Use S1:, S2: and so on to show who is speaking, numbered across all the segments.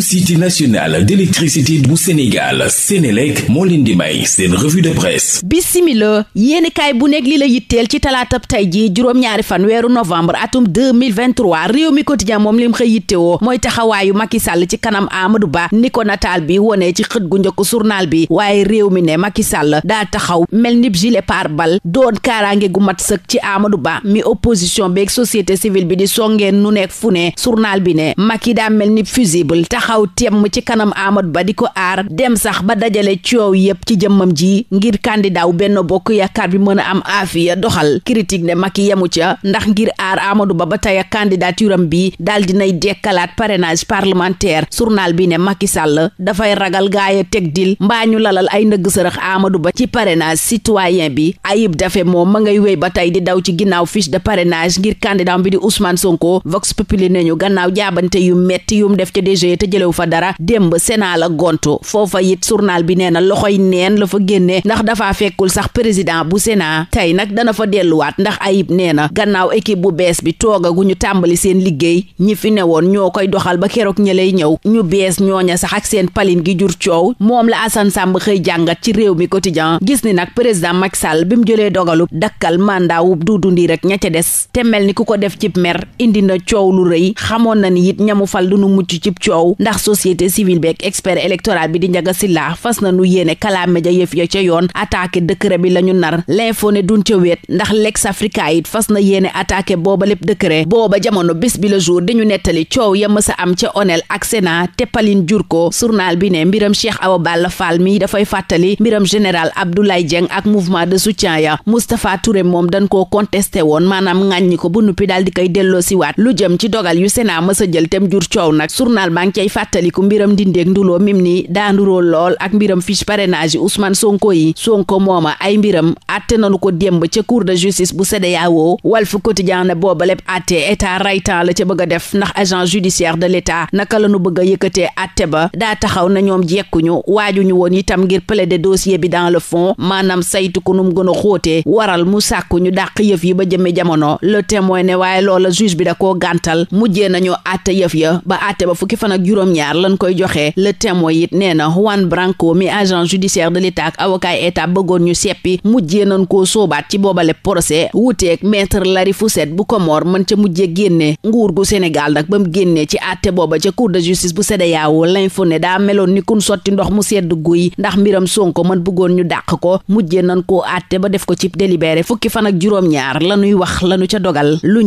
S1: société nationale d'électricité bu Sénégal Sénélec moo leen di may seen revue de presse bisimila yéenekaay bu nekk li la yitteel ci talaatab tey ji juróom-ñaari fan weeru novembre atum 2023 réew mi quotidien moom lim xëy yittewoo mooy taxawaayu Macky Sall ci kanam Amadou Ba ni ko bi wone ci xët gu njëkk journal bi waaye réew mi ne Macky Sall daa taxaw mel ni gilet pare-balles doon kaaraange mat sëkk ci Amadou Ba mi opposition beeg société civile bi di songeen nu nekk fu ne journal bi ne Macky daa mel ni fusible taxaw temm ci kanam Amadou Ba di ko aar dem sax ba dajale coow yépp ci jëmmam ji ngir candidat wu Benno Bokk Yaakaar bi mën a am aafiya doxal critique ne Macky yemu ca ndax ngir aar Amadou Ba ba tey candidature am bi daal dinay dekkalaat parrainage parlementaire surnal bi ne Macky Sall dafay ragal gaaya teg dil mbaa ñu lalal ay ndëgg sërëx Amadou Ba ci parrainage citoyen bi Ayib Daffé moom ma ngay wéy ba tey di daw ci ginnaaw fiche de parrainage ngir candidat bi di Ousmane Sonko Vox Populi ñu gannaaw jaabante yu metti yum def ca DG te fa dara démb Sénat la gont foofa it journal bi nee na yi neen la fa génnee ndax dafa fekkul sax président bu Sénat tey nag dana fa delluwaat ndax ayib nee na gannaaw équipe bu bees bi toogaguñu tàmbali seen liggéey ñi fi ne woon ñoo koy doxal ba keroog ña ñëw ñu bees ñooña sax ak seen palin gi jur coow moom la Assane Samb xëy jàngat ci réew mi quotidien gis ni nag président Macky Sall bi mu jëlee dogalu dakkal mandat wu Doudou Ndir rek ña ca des te mel ni ku ko def cib mer indi na coow lu rëy xamoon fal du nu mucc cib coow ndax société civile beeg expert électoral bi di njaga si fas na nu yéene kalaame ja yëf ya ca yoon attaqué décret bi la ñu nar l'info ne dun ca wéet ndax lex africa it fas na yéene attaqué booba lépp décret booba jamono bés bi la jour dañu nettali coow ya mësa am ca onel ak sena te palin jur ko journal bi ne mbiram cheikh awa balla fall mi dafay fàttali mbiram général abdoulaye dieng ak mouvement de soutien ya moustapha touré moom dañ koo contesté woon maanaam ŋàññi ko bu nuppi daal di koy delloo lu jëm ci dogal yu sénat mësa jël tem jur coow nag journal ngay fàttaliku mbiram ndindeeg nduloo mim ni daanduroo lool ak mbiram fiche parrainage yi Ousmane Sonko yi Sonko mooma ay mbiram atte nu ko démb ca cour de justice bu CEDEAO Walf Quotidien ne booba lépp atte état raytan la ca bëgg a def ndax agent judiciaire de l'état naka la nu bëgg a yëkkatee atte ba daa taxaw na ñoom jekkuñu waajuñu woon tam ngir pële plaider dossier bi dans le fond maanaam saytu ko num gën a xóotee waral mu sàkku ñu dàq yëf yi ba jëme jamono le témoin ne waaye loola juge bi da koo gàntal mujjee nañu atte yëf ya juróom-ñaar koy joxe le témoin it nee na Juan Branco mi agent judiciaire de l'état ak avocat état bëggoon ñu seppi mujjee nañ koo soobaat ci boobale procès wuuteeg maître Lari Foussette bu Komor mën ca mujjee génne nguur gu Sénégal nag ba mu génnee ci àtte booba ca cour de justice bu CEDEAO l'info ne daa meloon ni kun sotti ndox mu sedd guy ndax mbiram Sonko mën bëggoon ñu dàq ko mujjee nañ koo ate ba def ko ci délibéré fukki fan ak juróom-ñaar lanuy wax lanu ca dogal lu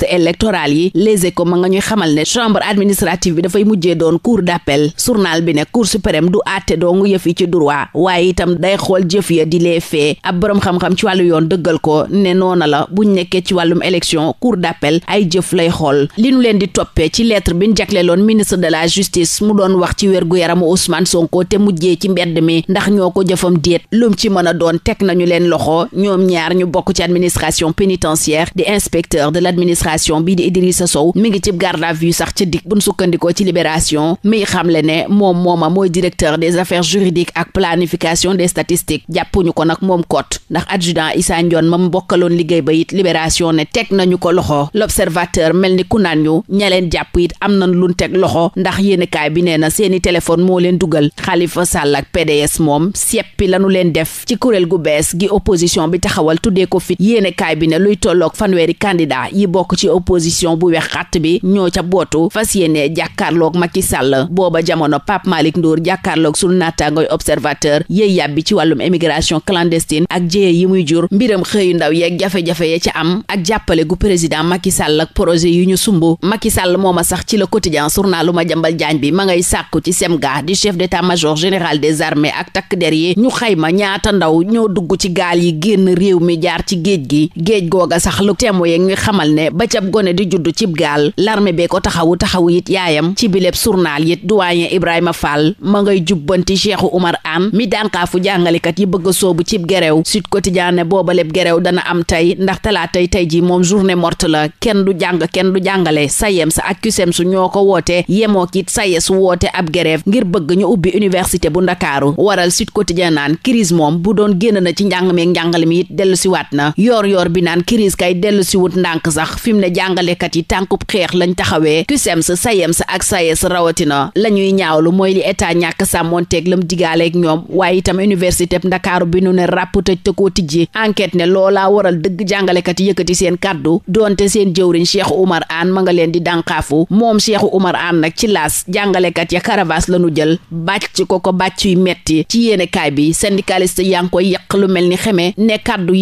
S1: liste électorale yi les échos ma nga ñuy xamal ne chambre administrative bi dafay mujjee doon cour d'appel journal bi ne cour suprême du àtte doongu yëf yi ci droit waaye itam day xool jëf ya di lee fee ab boroom xam-xam ci wàllu yoon dëggal ko ne noona la buñ nekkee ci wàllum élection cour d'appel ay jëf lay xool li nu leen di toppee ci lettre bi ñu jagleeloon ministre de la justice mu doon wax ci wér-gu-yaramu Ousmane Sonko te mujjee ci mbedd mi ndax ñoo ko jëfam déet lum ci mën a doon teg nañu leen loxo ñoom ñaar ñu bokk ci administration pénitentiaire di inspecteur de l'administration administration bi di Idrissa Sow mi ngi ci garde à vue sax ci dik buñ sukkandikoo ci libération miy xamle ne moom mooma mooy directeur des affaires juridiques ak planification des statistiques jàppuñu ko nag moom kot ndax adjudant Issa Ndione ma mu bokkaloon liggéey ba it libération ne teg nañu ko loxo l'observateur mel ni ku naan ñu ña leen jàpp it am na lu teg loxo ndax kaay bi nee na seeni téléphone moo leen dugal Khalifa Sall ak PDS moom seppi lañu leen def ci kuréel bees gi ci opposition bu wex xàtt bi ñoo ca bootu fas yéene jàkkaarloog Macky Sall booba jamono Pape Malick Ndour jàkkaarloog sunu naataangoy observateur yéey yàbbi ci wàllum émigration clandestine ak jéye yi muy jur mbiram xëyu ndaw yeeg jafe-jafe ya ca am ak jàppale gu président Macky Sall ak projet yu ñu sumb Macky moom a sax ci le quotidien journalu ma jambal jaañ bi ma ngay sàkku ci semga di chef d'état-major général des armées ak takk der yi ñu xayma ñaata ndaw ñoo dugg ci gaal yi génn réew mi jaar ci géej gi géej googa cab gone di judd cib gaal larme bee ko taxawu taxawu it yaayam ci bileb surnaal it duwaañe Ibrahima Fall ma ngay jubbanti Cheikhu Umar Anne mi dànkaafu jàngalekat yi bëgg soobu cib gerew Sud Quotidien ne boobaleb gerew dana am tey ndax talaatay tey ji moom journée morte la kenn du jàng kenn du jàngale sayem sa ak kusem su ñoo ko woote yemook it saye su woote ab gerew ngir bëgg ñu ubbi université bu ndakaaru waral Sud Quotidien naan crise moom bu doon génn na ci njàng meek it dellu siwaat na fi mu ne jàngalekat yi tànkub xeex lañ taxawee kusems sayems ak sayes rawatina la ñuy ñaawlu mooy li état ñàkk sàmmonteeg lam digaaleeg ñoom waaye itam université ndakaaru bi nu ne ràpp tëj te koo tijji enquête ne loolaa waral dëgg jàngalekat yi yëkkati seen kàddu te seen jëwriñ cheikh oumar an ma nga leen di dànkaafu moom cheikh oumar an nag ci laas jàngalekat ya caravas la nu jël bàcc ko ko bàcc yu metti ci yéenekaay bi syndicaliste yaa ngi koy yàq lu mel ni xeme ne kàddu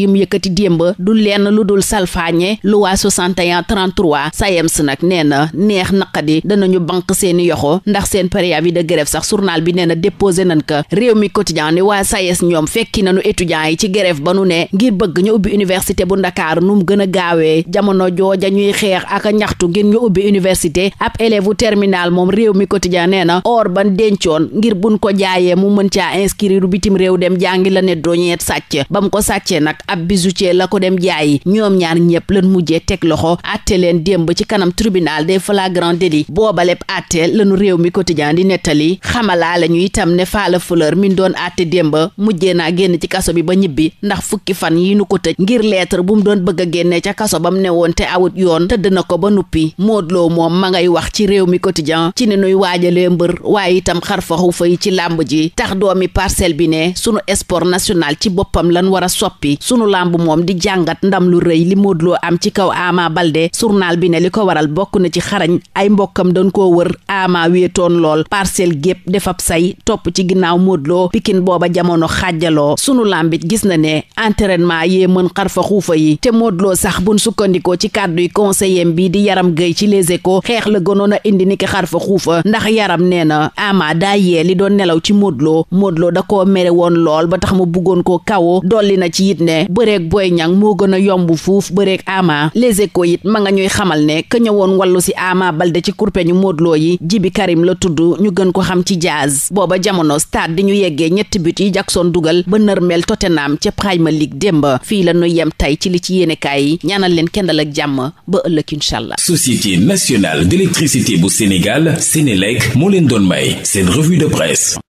S1: 31 33 SAEMS nag nee na neex naqadi danañu bank seeni yoxo ndax seen préavis de grève sax journal bi nee na déposé nañ ko réew mi quotidien ni waa SAES ñoom fekki nañu étudiants yi ci grève ba nu ne ngir bëgg ñu ubbi université bu Ndakaar nu mu gën a gaawee jamono jooja ñuy xeex ak a ñaxtu ngir ñu ubbi université ab élève terminal moom réew mi quotidien nee na or ban dencoon ngir buñ ko jaayee mu mën caa inscrire bitim réew dem jàngi la ne doñeet sàcc ba mu ko sàccee nag ab bijoutier la ko dem jaayi ñoom ñaar ñëpp lan mujjee teg loxo loxo atte leen démb ci kanam tribunal des flagrants délits boobaleb atte lanu réew mi quotidien di nettali xamalaa la ñu itam ne faala fleur min doon atte démb mujjee naa génn ci kaso bi ba ñibbi ndax fukki fan yi nu ko tëj ngir lettre bu mu doon bëgg a génne ca kaso ba mu ne woon te awut yoon tëdd na ko ba nuppi moodloo moom ma ngay wax ci réew mi quotidien ci ne nuy waajalee mbër waaye itam xarfaxu fay ci làmb ji tax doomi parcelle bi ne sunu sport national ci boppam lan war soppi sunu làmb moom di jàngat Balde bi ne li ko waral bokk na ci xarañ ay mbokkam doon koo wër ama wéetoon lool parcelle gépp defab say topp ci ginnaaw loo pikin booba jamono xajaloo sunu làmbit gis na ne entraînement yee mën xarfa xuufa yi te móodloo sax buñ sukkandikoo ci kàdduy conseiller bi di yaram gëy ci les échos xeex la gënoon a indi niki xarfa xuufa ndax yaram nee na ama daa yee li doon nelaw ci móodloo móodloo da koo mere woon lool ba tax mu buggoon koo kawo dolli it ma nga ñuy xamal ne ka ñëwoon wàllu si Ama Balde ci kurpeñu Modou Lo yi Jibi Karim la tudd ñu gën ko xam ci Jazz booba jamono stade di ñu yeggee ñetti but yi Jackson dugal ba nërmeel Tottenham ca Premier League fii la ñu yem tey ci li ci yéenekaay yi ñaanal leen kendal ak jàmm ba ëllëg inchaallah Société nationale d'électricité bu Sénégal Sénélec moo leen doon may seen revue de presse